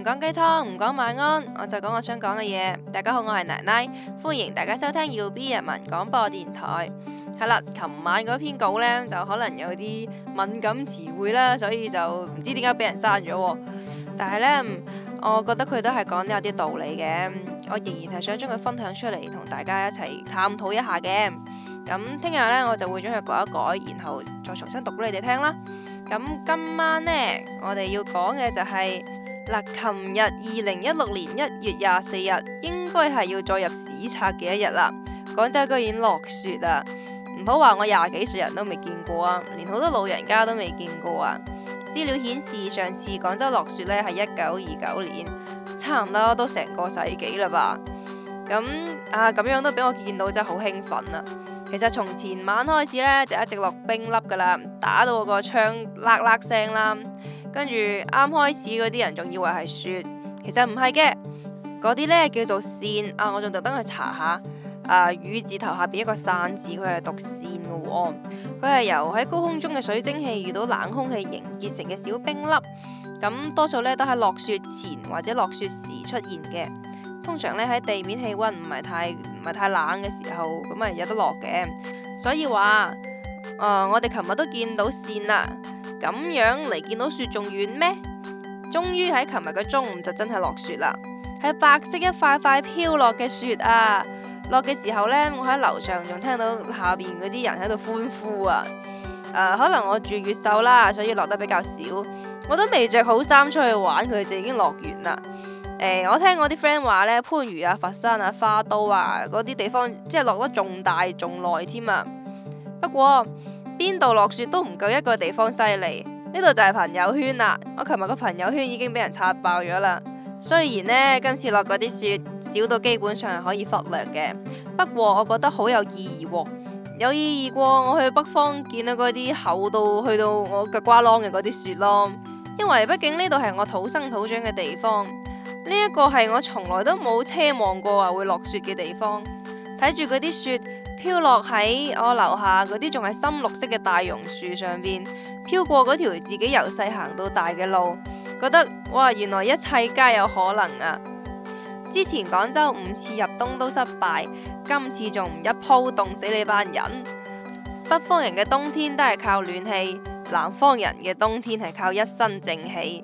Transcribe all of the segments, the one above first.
唔講雞湯，唔講晚安，我就講我想講嘅嘢。大家好，我係奶奶，歡迎大家收聽 YB 人文廣播電台。係啦，琴晚嗰篇稿呢，就可能有啲敏感詞彙啦，所以就唔知點解俾人刪咗。但係呢，我覺得佢都係講得有啲道理嘅，我仍然係想將佢分享出嚟，同大家一齊探討一下嘅。咁聽日呢，我就會將佢改一改，然後再重新讀俾你哋聽啦。咁今晚呢，我哋要講嘅就係、是。嗱，琴日二零一六年一月廿四日，應該係要載入史冊嘅一日啦。廣州居然落雪啊！唔好話我廿幾歲人都未見過啊，連好多老人家都未見過啊。資料顯示，上次廣州落雪呢係一九二九年，差唔多都成個世紀啦吧。咁啊，咁樣都俾我見到真係好興奮啊！其實從前晚開始呢，就一直落冰粒噶啦，打到我個窗喇喇聲啦。跟住啱開始嗰啲人仲以為係雪，其實唔係嘅，嗰啲呢叫做霰啊！我仲特登去查下，啊，雨字頭下邊一個散字，佢係讀霰嘅。佢係由喺高空中嘅水蒸氣遇到冷空氣凝結成嘅小冰粒。咁多數呢都喺落雪前或者落雪時出現嘅。通常呢喺地面氣溫唔係太唔係太冷嘅時候，咁啊有得落嘅。所以話，啊，我哋琴日都見到霰啦。咁樣嚟，見到雪仲遠咩？終於喺琴日嘅中午就真係落雪啦，係白色一塊塊飄落嘅雪啊！落嘅時候呢，我喺樓上仲聽到下邊嗰啲人喺度歡呼啊！誒，可能我住越秀啦，所以落得比較少，我都未着好衫出去玩，佢就已經落完啦。誒，我聽我啲 friend 話呢，番禺啊、佛山啊、花都啊嗰啲地方，即係落得仲大仲耐添啊。不過。邊度落雪都唔夠一個地方犀利，呢度就係朋友圈啦。我琴日個朋友圈已經俾人刷爆咗啦。雖然呢，今次落嗰啲雪少到基本上係可以忽略嘅，不過我覺得好有意義喎，哦，有意義過我去北方見到嗰啲厚到去到我腳瓜窿嘅嗰啲雪咯。因為畢竟呢度係我土生土長嘅地方，呢一個係我從來都冇奢望過話會落雪嘅地方，睇住嗰啲雪，飄落喺我樓下嗰啲仲係深綠色嘅大榕樹上邊，飄過嗰條自己由細行到大嘅路，覺得哇，原來一切皆有可能啊！之前廣州五次入冬都失敗，今次仲唔一鋪凍死你班人？北方人嘅冬天都係靠暖氣，南方人嘅冬天係靠一身正氣。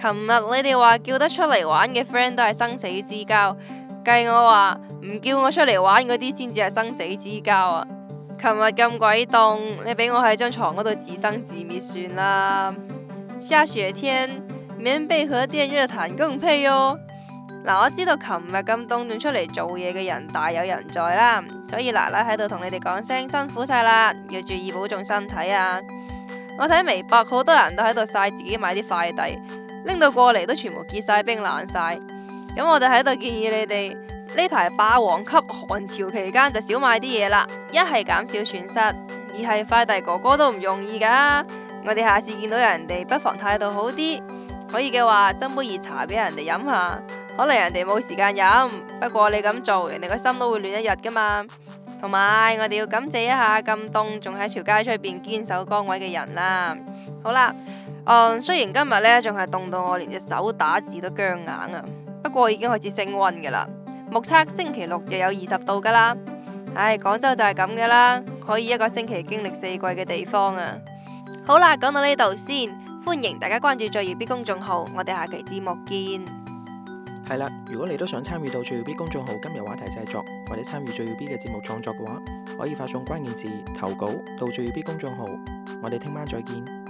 琴日你哋話叫得出嚟玩嘅 friend 都係生死之交。計我話唔叫我出嚟玩嗰啲先至係生死之交啊！琴日咁鬼凍，你俾我喺張床嗰度自生自滅算啦，啊。下雪天，棉被和電熱毯更配哦。嗱，我知道琴日咁凍，仲出嚟做嘢嘅人大有人在啦，所以嗱啦喺度同你哋講聲辛苦晒啦，要注意保重身體啊！我睇微博好多人都喺度晒自己買啲快遞，拎到過嚟都全部結晒冰冷晒。咁我哋喺度建議你哋呢排霸王級寒潮期間就少買啲嘢啦，一係減少損失，二係快遞哥哥都唔容易噶啊。我哋下次見到人哋，不妨態度好啲，可以嘅話斟杯熱茶俾人哋飲下。可能人哋冇時間飲，不過你咁做，人哋個心都會暖一日噶嘛。同埋我哋要感謝一下咁凍仲喺條街出邊堅守崗位嘅人啦。好啦，嗯，雖然今日呢仲係凍到我連隻手打字都僵硬啊。不過已經開始升溫噶啦，目測星期六又有二十度噶啦。唉，廣州就係咁噶啦，可以一個星期經歷四季嘅地方啊。好啦，講到呢度先，歡迎大家關注最耀 B 公眾號，我哋下期節目見。係啦，如果你都想參與到最耀 B 公眾號今日話題製作，或者參與最耀 B 嘅節目創作嘅話，可以發送關鍵字投稿到最耀 B 公眾號，我哋聽晚再見。